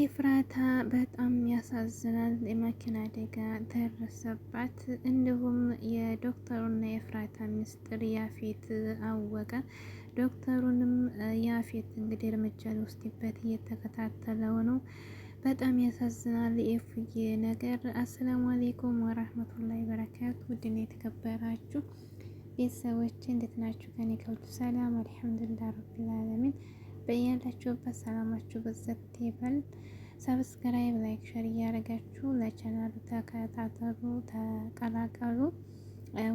ኤፍራታ በጣም ያሳዝናል። የመኪና አደጋ ደረሰባት። እንዲሁም የዶክተሩና የኤፍራታ ምስጢር ያፌት አወቀ። ዶክተሩንም ያፌት እንግዲህ እርምጃ ሊወስድበት እየተከታተለው ነው። በጣም ያሳዝናል የኤፍዬ ነገር። አሰላሙ አሌይኩም ወራህመቱላይ በረካቱ ውድና የተከበራችሁ ቤተሰቦች እንዴት ናችሁ? ከኔ ከውጭ ሰላም አልሐምዱሊላህ ረቢላ በያላችሁበት ሰላማችሁ በዘት ይበል። ሰብስክራይብ፣ ላይክ፣ ሸር እያደረጋችሁ ለቻናሉ ተከታተሉ፣ ተቀላቀሉ።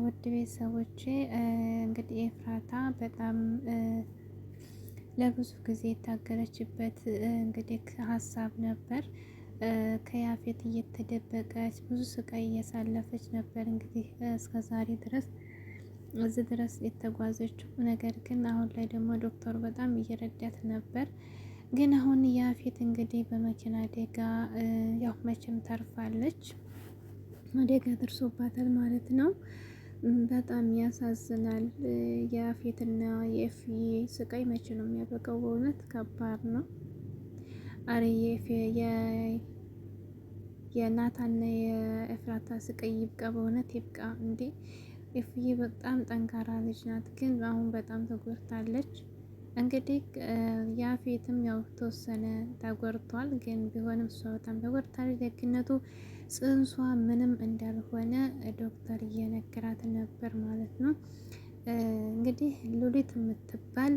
ውድ ቤተሰቦቼ እንግዲህ ኤፍራታ በጣም ለብዙ ጊዜ የታገለችበት እንግዲህ ሀሳብ ነበር። ከያፌት እየተደበቀች ብዙ ስቃይ እያሳለፈች ነበር እንግዲህ እስከዛሬ ድረስ እዚህ ድረስ የተጓዘችው። ነገር ግን አሁን ላይ ደግሞ ዶክተሩ በጣም እየረዳት ነበር። ግን አሁን ያፌት እንግዲህ በመኪና አደጋ ያው መቼም ተርፋለች፣ አደጋ ደርሶባታል ማለት ነው። በጣም ያሳዝናል። የአፌትና የኤፍ ስቃይ መቼ ነው የሚያበቃው? በእውነት ከባድ ነው። አረ የናታና የኤፍራታ ስቃይ ይብቃ፣ በእውነት ይብቃ እንዴ! ኤፉዬ በጣም ጠንካራ ልጅ ናት፣ ግን አሁን በጣም ተጎድታለች። እንግዲህ ያፌትም ያው ተወሰነ ተጎድቷል፣ ግን ቢሆንም እሷ በጣም ተጎድታለች። ደግነቱ ጽንሷ ምንም እንዳልሆነ ዶክተር እየነገራት ነበር ማለት ነው። እንግዲህ ሉሊት የምትባል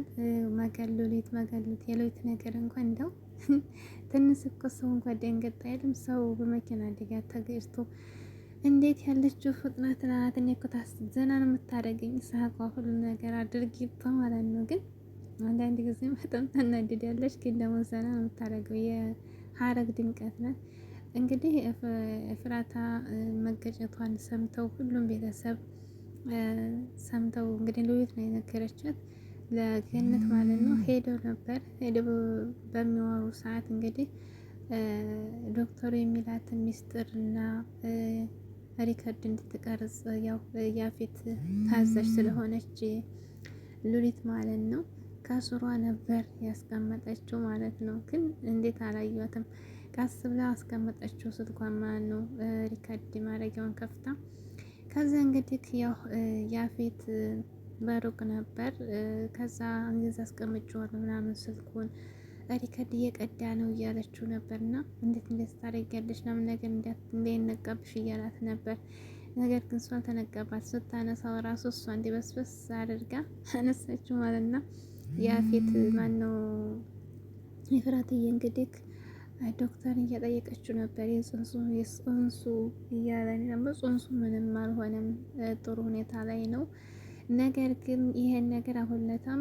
መገል ሉሊት መገሉት የሉሊት ነገር እንኳን እንደው ትንሽ እኮ ሰው እንኳን ደንገጥ አይልም። ሰው በመኪና አደጋ ተገጭቶ እንዴት ያለችው ፍጥነት ናት! እኔ እኮ ታስዘና ነው የምታደርገኝ። ሳቋ ሁሉ ነገር አድርጊባ ማለት ነው። ግን አንዳንድ ጊዜ በጣም ታናድድ ያለች፣ ግን ደግሞ ዘና ነው የምታደርገው። የሀረግ ድምቀት ናት። እንግዲህ ኤፍራታ መገጨቷን ሰምተው ሁሉም ቤተሰብ ሰምተው እንግዲህ ሉሊት ነው የነገረችት ለገነት ማለት ነው። ሄዶ ነበር ሄዶ በሚወሩ ሰዓት እንግዲህ ዶክተሩ የሚላትን ሚስጥር እና ሪከርድ እንድትቀርጽ ያው ያፌት ታዛዥ ስለሆነች ሉሊት ማለት ነው ከስሯ ነበር ያስቀመጠችው ማለት ነው። ግን እንዴት አላየዋትም ቀስ ብላ አስቀመጠችው ስልኳን ማለት ነው። ሪከርድ ማድረጊያውን ከፍታ ከዛ እንግዲህ ያው ያፌት በሩቅ ነበር። ከዛ እንግዲህ አስቀምጬዋለሁ ምናምን ስልኩን ሪከርድ እየቀዳ ነው እያለችው ነበር እና እንዴት እንደዚህ ታደርጊያለሽ ምናምን ነገር እንዳይነቃብሽ እያላት ነበር። ነገር ግን እሷ አልተነቃባት። ስታነሳው ራሱ እሷ እንዲ በስበስ አድርጋ አነሳችው ማለት ነው። የአፌት ማነው የፍራትዬ እንግዲህ ዶክተር እያጠየቀችው ነበር። የጽንሱ የጽንሱ እያለ ነበር። ጽንሱ ምንም አልሆነም፣ ጥሩ ሁኔታ ላይ ነው። ነገር ግን ይሄን ነገር አሁን ለታም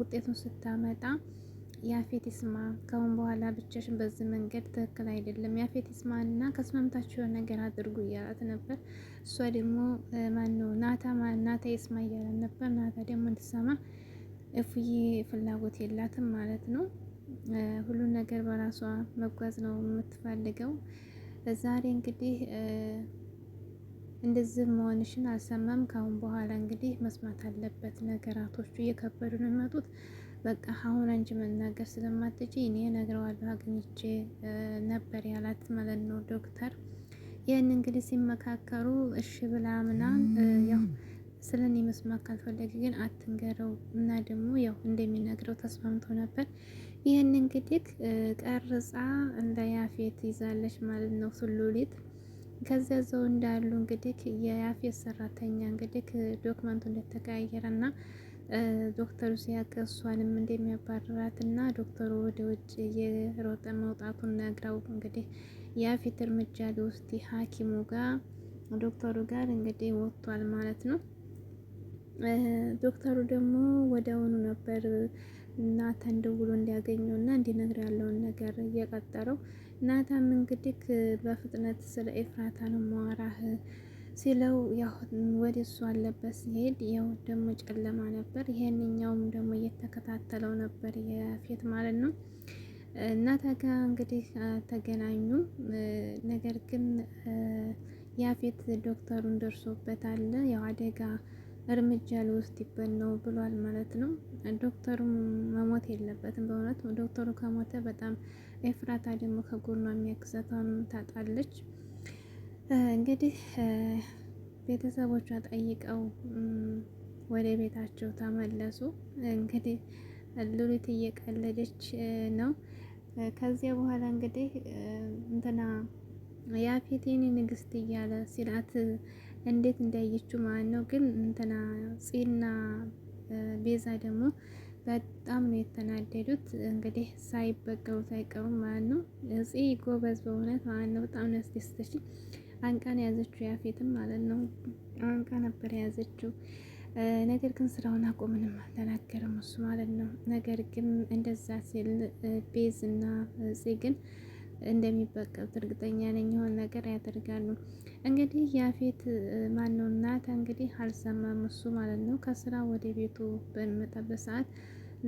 ውጤቱን ስታመጣ ያፌት ይስማ ከአሁን በኋላ ብቻሽን በዚህ መንገድ ትክክል አይደለም፣ ያፌት ይስማ እና ከስማምታችሁ ነገር አድርጉ እያላት ነበር። እሷ ደግሞ ማነው ናታ ናታ ይስማ እያላት ነበር። ናታ ደግሞ እንድሰማ እፉዬ ፍላጎት የላትም ማለት ነው። ሁሉን ነገር በራሷ መጓዝ ነው የምትፈልገው። ዛሬ እንግዲህ እንደዚህ መሆንሽን አልሰማም። ከአሁን በኋላ እንግዲህ መስማት አለበት። ነገራቶቹ እየከበዱ ነው የሚመጡት በቃ አሁን አንቺ መናገር ስለማትች እኔ እነግረዋለሁ አግኝቼ ነበር ያላት ማለት ነው ዶክተር። ይህን እንግዲህ ሲመካከሩ እሺ ብላ ምና ያው ስለ እኔ መስማት ካልፈለገ ግን አትንገረው እና ደግሞ ያው እንደሚነግረው ተስማምቶ ነበር። ይህን እንግዲህ ቀርጻ እንደ ያፌት ይዛለች ማለት ነው ሱሉሊት። ከዚያ ዘው እንዳሉ እንግዲህ የያፌት ሰራተኛ እንግዲህ ዶክመንቱ እንደተቀያየረ እና ዶክተሩ ሲያውቅ እሷንም እንደሚያባርራት እና ዶክተሩ ወደ ውጭ እየሮጠ መውጣቱን ነግራው እንግዲህ የአፊት እርምጃ ሊወስድ ሐኪሙ ጋር ዶክተሩ ጋር እንግዲህ ወጥቷል ማለት ነው። ዶክተሩ ደግሞ ወደውኑ ነበር ናታን ደውሎ እንዲያገኘው እና እንዲነግር ያለውን ነገር እየቀጠረው ናታም እንግዲህ በፍጥነት ስለ ኤፍራታ ነው ማዋራህ ሲለው ያው ወደ እሱ አለበት ሲሄድ ያው ደግሞ ጨለማ ነበር። ይሄንኛውም ደግሞ እየተከታተለው ነበር የፊት ማለት ነው። እናታ ጋ እንግዲህ ተገናኙ። ነገር ግን ያፌት ዶክተሩን አለ ያው አደጋ እርምጃ ሊወስድበት ነው ብሏል ማለት ነው። ዶክተሩ መሞት የለበትም በእውነት ዶክተሩ ከሞተ በጣም ኤፍራታ ደግሞ ከጎኗ የሚያግዛታን ታጣለች። እንግዲህ ቤተሰቦቿ ጠይቀው ወደ ቤታቸው ተመለሱ። እንግዲህ ሉሊት እየቀለደች ነው። ከዚያ በኋላ እንግዲህ እንትና ያፌቴን ንግስት እያለ ሲላት እንዴት እንዳየችው ማለት ነው። ግን እንትና ጽና ቤዛ ደግሞ በጣም ነው የተናደዱት። እንግዲህ ሳይበቀሉ አይቀሩም ማለት ነው። ጽ ጎበዝ በእውነት ማለት ነው። በጣም ነው ያስደስተችኝ። አንቃን የያዘችው ያፌትም ማለት ነው አንቃ ነበር የያዘችው። ነገር ግን ስራውን አቆ ምንም አልተናገርም እሱ ማለት ነው። ነገር ግን እንደዛ ሲል ቤዝ እና ግን እንደሚበቀሉት እርግጠኛ ነኝ። የሆነ ነገር ያደርጋሉ። እንግዲህ ያፌት ማነው እናት እንግዲህ አልሰማም እሱ ማለት ነው። ከስራ ወደ ቤቱ በሚመጣበት ሰዓት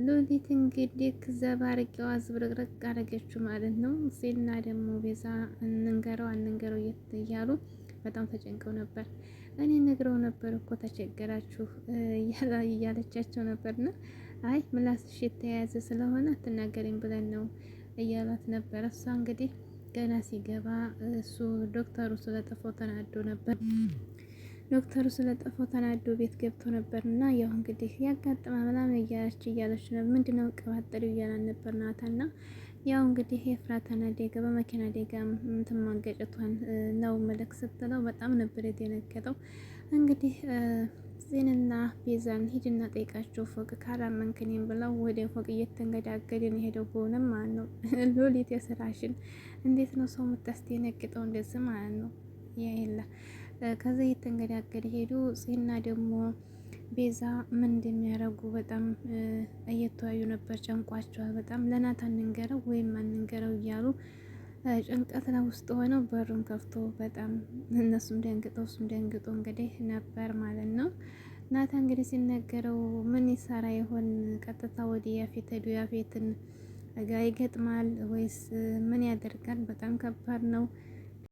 ሎሊት እንግዲህ ዘባ አርጌዋ ዝብርቅርቅ አረገችው ማለት ነው። ዜና ደግሞ ቤዛ እንንገረው አንንገረው እያሉ በጣም ተጨንቀው ነበር። እኔ ነግረው ነበር እኮ ተቸገራችሁ እያለቻቸው ነበርና አይ ምላስሽ የተያያዘ ስለሆነ አትናገሪም ብለን ነው እያሏት ነበር። እሷ እንግዲህ ገና ሲገባ እሱ ዶክተሩ ስለጠፋው ተናዶ ነበር። ዶክተሩ ስለጠፋው ተናዶ ቤት ገብቶ ነበር እና ያው እንግዲህ ያጋጥማ ምናምን እያለች እያለች ነው ምንድነው ቀባጠሪ እያላን ነበር ናታ ናታና ያው እንግዲህ የፍራታን አደጋ በመኪና አደጋ ትማገጨቷን ነው መልክ ስትለው በጣም ነበር የደነገጠው። እንግዲህ ዜንና ቤዛን ሂድና ጠይቃቸው ፎቅ ካላመንክኔም ብለው ወደ ፎቅ እየተንገዳገድን የሄደው በሆነም ማለት ነው። ሎሊት የስራሽን እንዴት ነው ሰው የምታስደነግጠው እንደዚህ ማለት ነው ያየላ ከዛ እየተንገዳገደ ሄዱ። ጽና ደግሞ ቤዛ ምን እንደሚያደርጉ በጣም እየተወያዩ ነበር። ጨንቋቸዋል በጣም ለናታን እንንገረው ወይም አንንገረው እያሉ ጭንቀት ላይ ውስጥ ሆነው በሩን ከፍቶ በጣም እነሱም ደንግጦ እሱም ደንግጦ እንግዲህ ነበር ማለት ነው። ናታ እንግዲህ ሲነገረው ምን ይሰራ ይሆን? ቀጥታ ወደ ያፌት ሄዱ። ያፌትን ጋ ይገጥማል ወይስ ምን ያደርጋል? በጣም ከባድ ነው።